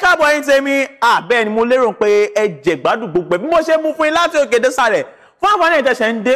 káàbọ̀ yín tèmi àbẹ́ẹ̀ ni mo lérò pé ẹ jẹ gbádùn gbogbo ẹ̀ bí mo ṣe mú fún yín láti òkè dé sàlẹ̀ fún àǹfààní ìtẹ̀sẹ̀ ń dé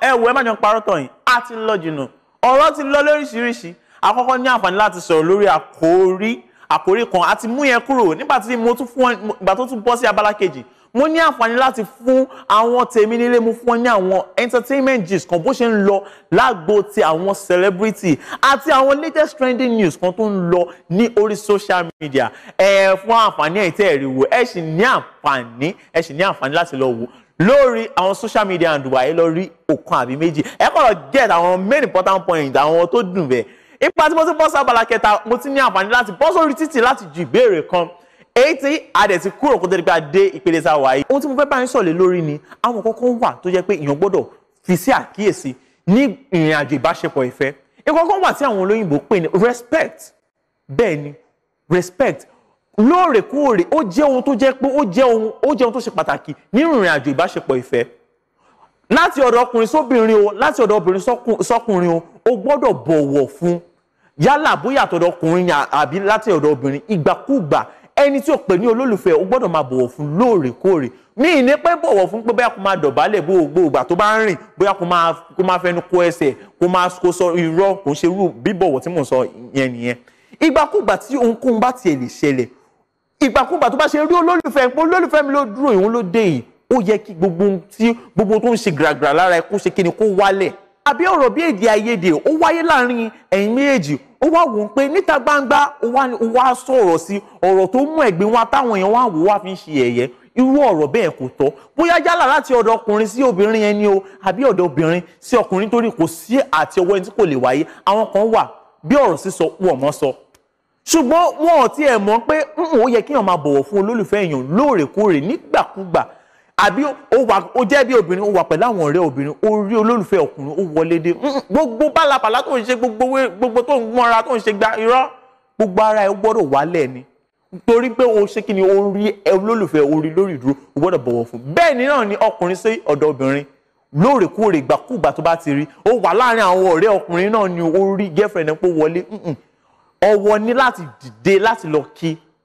ẹ wò ẹ má jọ parọ́ tọ̀ yín á ti lọ jìnnà ọ̀rọ̀ ti lọ lóríṣiríṣi àkọ́kọ́ ní àǹfààní láti sọ̀rọ̀ lórí àkórí àkórí kan àti mú yẹn kúrò nígbà tí mo tún fún ìgbà tó tún bọ́ sí abala kejì mo ní àǹfààní láti fún àwọn tèmi nílé mo fún wọn ní àwọn entertainment gist kan bó ṣe ń lọ lágbo ti àwọn celebrity àti àwọn latest trending news kan tó ń lọ ní orí social media ẹ fún àǹfààní ẹ̀ tẹ́ ẹ̀ rí wo ẹ sì ní àǹfààní ẹ sì ní àǹfààní láti lọ wò lórí àwọn social media and wàá lọ rí ọ̀kan àbí méjì ẹ kọ́ lọ get àwọn main important points àwọn tó dùn bẹ́ẹ̀ ipa tí mo ti bọ́ sábàlá kẹta mo ti ní àǹfààní láti bọ́ sórí títì láti ju ìbéèrè kan èyí tí a dẹ̀ ti kúrò kó tó di pé a dé ìpele tá a wà yìí. ohun tí mo fẹ́ bá yín sọ̀lẹ̀ lórí ni àwọn kọ́kọ́ wà tó jẹ́ pé èèyàn gbọ́dọ̀ fi sí àkíyèsí ní ìrìn àjò ìbáṣepọ̀ ìfẹ́ ìkọ̀kọ́ wà tí àwọn olóyìnbó pè ní respect bẹ́ẹ̀ ni respect lóòrèkóòrè ó jẹ́ ohun tó jẹ́ pé ó jẹ́ ohun ó jẹ́ ohun tó ṣe pàtàkì nínú ìrìn àjò ìbáṣepọ̀ ìfẹ́ láti ọ̀dọ̀ ọkùnrin sóbìnrin o láti ọ̀dọ̀ obìnrin sọ́kùnrin o o gbọ́dọ̀ bọ̀wọ̀ fún yálà bóyá àtọ̀dọ̀ ọkùnrin àbí láti ọ̀dọ̀ obìnrin ìgbàkúgbà ẹni tí o pè ní olólùfẹ́ o gbọ́dọ̀ máa bọ̀wọ̀ fún lóòrèkóòrè mi ì ní pé bọ̀wọ̀ fún pé bóyá kó máa dọ̀bálẹ̀ bó o gbó ìgbà tó bá ń rìn bóyá kó máa kó máa fẹnu kó ẹsẹ̀ kó máa kó sọ irọ́ kò ń ṣe irú bíbọ̀wọ̀ tí mò ń sọ yẹn nìyẹn ìgbàkúgbà tí ohunkóhun bá tiẹ̀ lè ṣẹlẹ̀ ìgbàkúgbà tó bá ṣe rí olólùfẹ́ pé olólùfẹ́ mi ló dúró ìhun ló dé yìí ó yẹ kí gbogbo tí gbogbo tó ń ṣe gàràgàrà lára ẹ kó ṣe kí ni kó wálẹ̀ àbí ọ̀rọ̀ bí èdè àìyedè ó wáyé láàrin ẹ̀yin méjèèjì ó wá wò ó pé níta gbangba ó wá sọ̀rọ̀ sí ọ̀rọ̀ tó mú ẹ̀gbin wá táwọn èèyàn wá wò ó wá fi ń ṣe ẹ̀yẹ irú ọ̀rọ̀ bẹ́ẹ̀ kò tọ́ bóyá yálà láti ọ̀dọ̀ ọkùnrin sí obìnrin ẹni o àbí ọ̀dọ̀ obìnrin sí ọkùnrin torí kò sí àti ọwọ́ ẹni tí kò lè wáyé àwọn kan wà bí ọ̀rọ̀ sísọ wọ̀ mọ́ sọ ṣùgbọ́n wọn ò tiẹ̀ mọ̀ pé ó yẹ kéèyàn máa bọ̀wọ̀ fún olólùfẹ́ èèyàn lóòrèkóòrè nígbàkúgbà àbí ó jẹ́ bí obìnrin ó wà pẹ̀lú àwọn ọ̀rẹ́ obìnrin ó rí olólùfẹ́ ọkùnrin ó wọlé dé gbogbo bálabàlá tó ń ṣe gbogbo tó ń mọ́ra tó ń ṣe gba irọ́ gbogbo ara ẹ̀ gbọ́dọ̀ wálẹ̀ ni torí pé o ṣe kí ni o rí olólùfẹ́ orí lórí ìdúró o gbọ́dọ̀ bọ̀wọ̀ fún bẹ́ẹ̀ ni náà ni ọkùnrin sí ọ̀dọ̀ obìnrin lóòrèkóòrè ìgbàkúùgbà tó bá ti rí ó wà láàrin àwọn ọ̀rẹ́ girlfriend ẹ̀ pé wọlé ọwọ́ ni láti dìde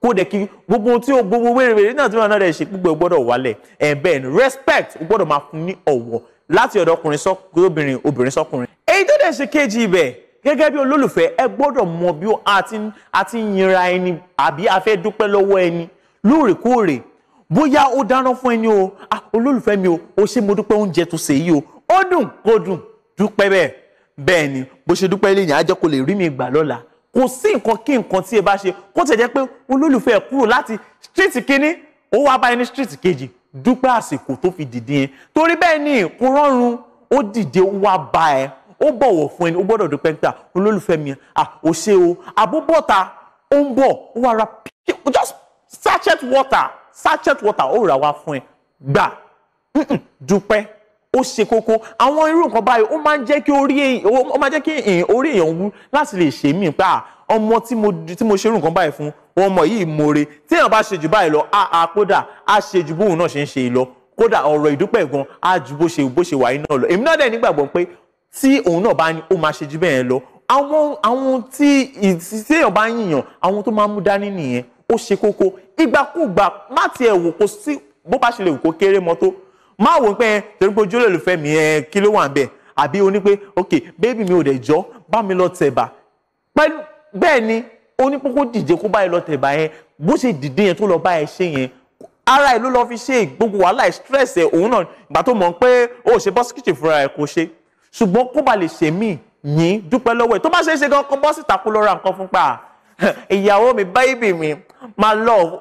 kó dẹ̀ kí gbogbo tí o gbogbo wéréwéré náà tí wọn náà dẹ̀ ṣe gbogbo gbọ́dọ̀ wálẹ̀ ẹ̀ bẹ́ẹ̀ ni respect gbọ́dọ̀ máa fún ní ọ̀wọ̀ láti ọ̀dọ̀ ọkùnrin sọ́kùnrin obìnrin sọ́kùnrin. èyí tó dẹ̀ ṣe kejì ibẹ̀ gẹ́gẹ́ bí olólùfẹ́ ẹ gbọ́dọ̀ mọ bí a ti yinra ẹni àbí a dúpẹ́ lọ́wọ́ ẹni lóòrèkóòrè bóyá ó dáná fún ẹni o olólùfẹ́ mi o ó ṣe mo dúpẹ́ oúnjẹ tó ṣe yìí o ó dùn kó dùn dúpẹ́ bẹ́ẹ̀ bẹ́ẹ̀ ni bó ṣe dúpẹ́ lẹ́yìn á lè rí mi gbà lọ́la kò sí nǹkan kí nǹkan tí ẹ bá ṣe kó tẹ̀ jẹ́ pé olólùfẹ́ ẹ kúrò láti street kínní ó wá báyìí ní street kejì dúpẹ́ àsìkò tó fi dìde yẹn torí bẹ́ẹ̀ ni kò rọrùn ó dìde ó wá bá ẹ ó bọ̀wọ̀ fún ẹni ó gbọ́dọ̀ dúpẹ́ níta olólùfẹ́ mi à ṣe o àbúbọ̀ta ó ń bọ̀ ó wá ra just sachet water sachet water ó rà wá fún ẹ gbà dúpẹ́ ó ṣe kókó àwọn irú nǹkan báyìí ó máa ń jẹ́ kí orí ó máa jẹ́ kí orí èèyàn wú láti lè ṣe mí pé ọmọ tí mo ṣe irú nǹkan báyìí fún wọn mọ yìí more tí èèyàn bá ṣe jù báyìí lọ á á kódà á ṣe jù bóun náà ṣe ń ṣe lọ kódà ọ̀rọ̀ ìdúpẹ́ gan á ju bó ṣe bó ṣe wà yìí náà lọ èmi náà dẹ̀ nígbàgbọ́ pé tí òun náà bá ní ó máa ṣe jù bẹ́ẹ̀ lọ àwọn àwọn tí ìtìsẹ́yàn bá yìnyàn àwọn tó máa mú dání nìyẹn ó ṣe kókó ìgbàkúgbà má tiẹ̀ wò kó sí bó bá ṣe lè wò kó kéré mọ́tò má wò pé torí pé ojú olólùfẹ́ mi ẹ kí ló wà ń bẹ̀ àbí o ní pé ok bébì mi ò dẹ̀ jọ́ bá mi lọ tẹ̀bà bẹ́ẹ̀ ni o ní kókó dìde kó bá ẹ lọ tẹ̀bà yẹn bó ṣe dìde yẹn tó lọ bá ẹ ṣe yẹn ara ẹ ló lọ fi ṣe gbogbo wàhálà ẹ stress ẹ òun náà ìgbà tó mọ̀ pé o ò ṣe bọ́sìkìtì fúnra ẹ kò ṣe ṣùgbọ́n kó ba lè ṣe míì yín dúpẹ́ lọ́wọ́ ẹ tó bá ṣe é ṣe gan kan bọ́sì takú lọ́ra nǹkan fún pa ìyàwó mi báyìí mi my love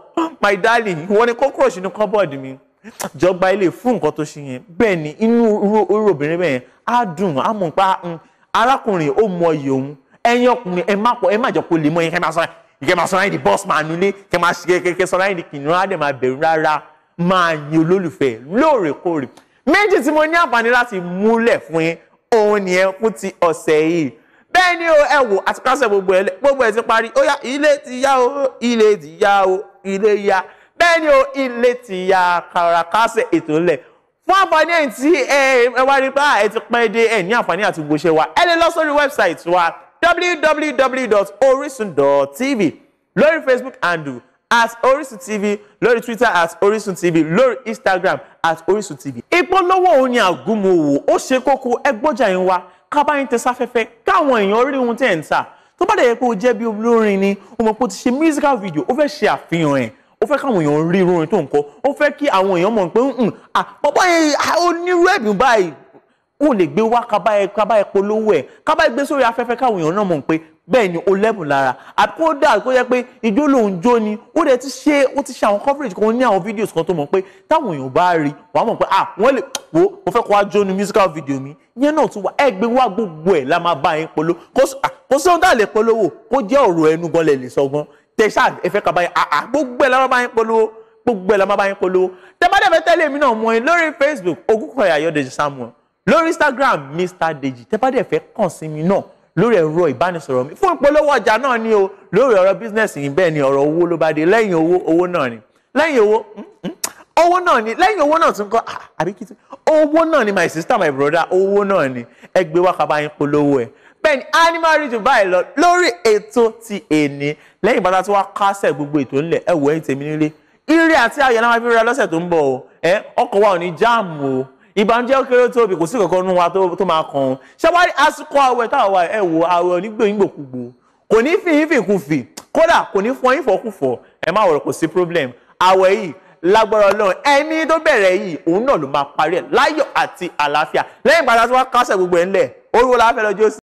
my darling ìwọ ni cockroach ní cupboard, mi jọgba ilé fún nǹkan tó ṣe yẹn bẹ́ẹ̀ ni inú irú obìnrin bẹ́ẹ̀ á dùn á mọ̀ pa ah, arákùnrin ó mọ iye òun ẹ̀yin ọkùnrin ẹ má pọ̀ ẹ má jọ kó lè mọ yẹn kẹ́ máa sọ́ra kẹ́ máa sọ́ra yẹn di bọ́ọ̀sì máa nulẹ̀ kẹ́ máa ṣe kẹ́kẹ́ sọ́ra yẹn di kìnìún á dẹ̀ máa bẹ̀rù rárá máa yin olólùfẹ́ lóòrèkóòrè méjì tí mo ní àǹfààní láti múlẹ̀ fún yín òun nìyẹn fún ti ọ̀sẹ̀ yìí bẹ́ẹ̀ ni o ẹ wò àti kásẹ̀ gbogbo ẹ̀ gbogbo ẹ̀ ti parí ó yá ilé ti yá o ilé ti yá o ilé yá bẹ́ẹ̀ ni o ilé ti ya kàràkásẹ̀ ètò ńlẹ̀ fún àǹfààní ẹ̀yìn tí ẹ wá rí bá ẹ ti pẹ́ dé ẹ ní àǹfààní àti gbòṣe wa ẹ lè lọ sórí wẹ́bsáìtì wa www.orisun.tv lórí facebook handle at orisun tv lórí twitter at orisun tv lórí instagram at orisun tv. ìpolówó òun ni àgúnmòwò ó ṣe kókó ẹgbọ́jà yín wa ká bá yín tẹ sáfẹ́fẹ́ káwọn èèyàn rí ohun tẹ̀ ń tà tó bá dẹ̀ yẹ kó o jẹ́ bí olórin ni o mọ̀ pé o ti ṣe musical video o fẹ́ ṣe àfihàn ẹ̀ ó fẹ́ káwọn èèyàn rí irú orin tó ń kọ ó fẹ́ kí àwọn èèyàn mọ̀ pé ń hmm, bọ́bọ́ yẹn onírú ẹ̀bùn báyìí ó lè gbé wá kábàáyé kábàáyé polówó ẹ̀ kábàáyé gbé sórí afẹ́fẹ́ káwọn èèyàn náà mọ̀ pé bẹ́ẹ̀ ni ó lẹ́bùn lára àkódà kó jẹ́ pé ijó lòun jó ni ó dẹ̀ ti ṣe ó ti ṣe àwọn coverage kan ní àwọn videos kan tó mọ̀ pé táwọn èèyàn bá rí wàá mọ̀ pé ah wọ́n lè wo mo fẹ́ kó wá jó ní musical video mi yẹn náà tún wá ẹ gbé wá gbogbo ẹ̀ la máa bá yín polo kó sí ohun tá a lè polówó kó jẹ́ ọ̀rọ̀ ẹnu gan lẹ̀ lè sọ gan tẹ̀sà ẹ̀fẹ́ kaba yẹn àà gbogbo ẹ̀ lọ́wọ́ bá yín polówó gbogbo ẹ̀ lọ́wọ́ bá polówó tẹ́bàdàn fẹ́ tẹ́lẹ̀ mi náà mọ́ ẹ lórí Facebook Ògúnkọ̀yà Ayọ̀dèjì Samuel lórí Instagram Mr Deji tẹ́bàdàn fẹ́ kàn sí mi náà lórí ẹ̀rọ ìbánisọ̀rọ̀ mi fún ìpolówó ọjà náà ni o lórí ọ̀rọ̀ bísínẹ́sì yìí bẹ́ẹ̀ ni ọ̀rọ̀ owó ló bá dé lẹ́yìn owó owó náà ni lẹ́yìn owó hmm, hmm, owó náà ni lẹ́yìn owó náà tún kọ́ àbí kìtì owó náà ni my sister my brother owó náà ni ẹgbẹ́ wákàbá yín polówó ẹ̀ bẹ́ẹ̀ ni animal radio báyìí lọ lórí ètò ti èní lẹ́yìn bàtà tí wọ́n kásẹ̀ gbogbo ètò ńlẹ̀ ẹ wò ẹ̀yìn tèmi nílé ire àti ayọ̀ náà máa fi ríra lọ́sẹ̀ tó ń bọ̀ o ẹ ọkọ̀ wa ò ní jáàmù o ìbànújẹ́ ó kéré tóbi kò sí kankan nínú wa tó máa kàn án ṣàwárí àsìkò àwẹ̀ táwọn wa ẹ wò àwẹ̀ onígbòyìngbòkúgbò kò ní fi yín fìkún fì kódà kò ní fún yín ẹ má wọ̀rọ̀ kò sí problem àwẹ̀ yìí lágbára Ọlọ́run ẹni tó bẹ̀rẹ̀ yìí òun náà ló máa parí ẹ̀ láyọ̀ àti àlàáfíà lẹ́yìn ìgbà tí wọ́n kásẹ̀ gbogbo ẹ̀ ńlẹ̀ orí wo la fẹ́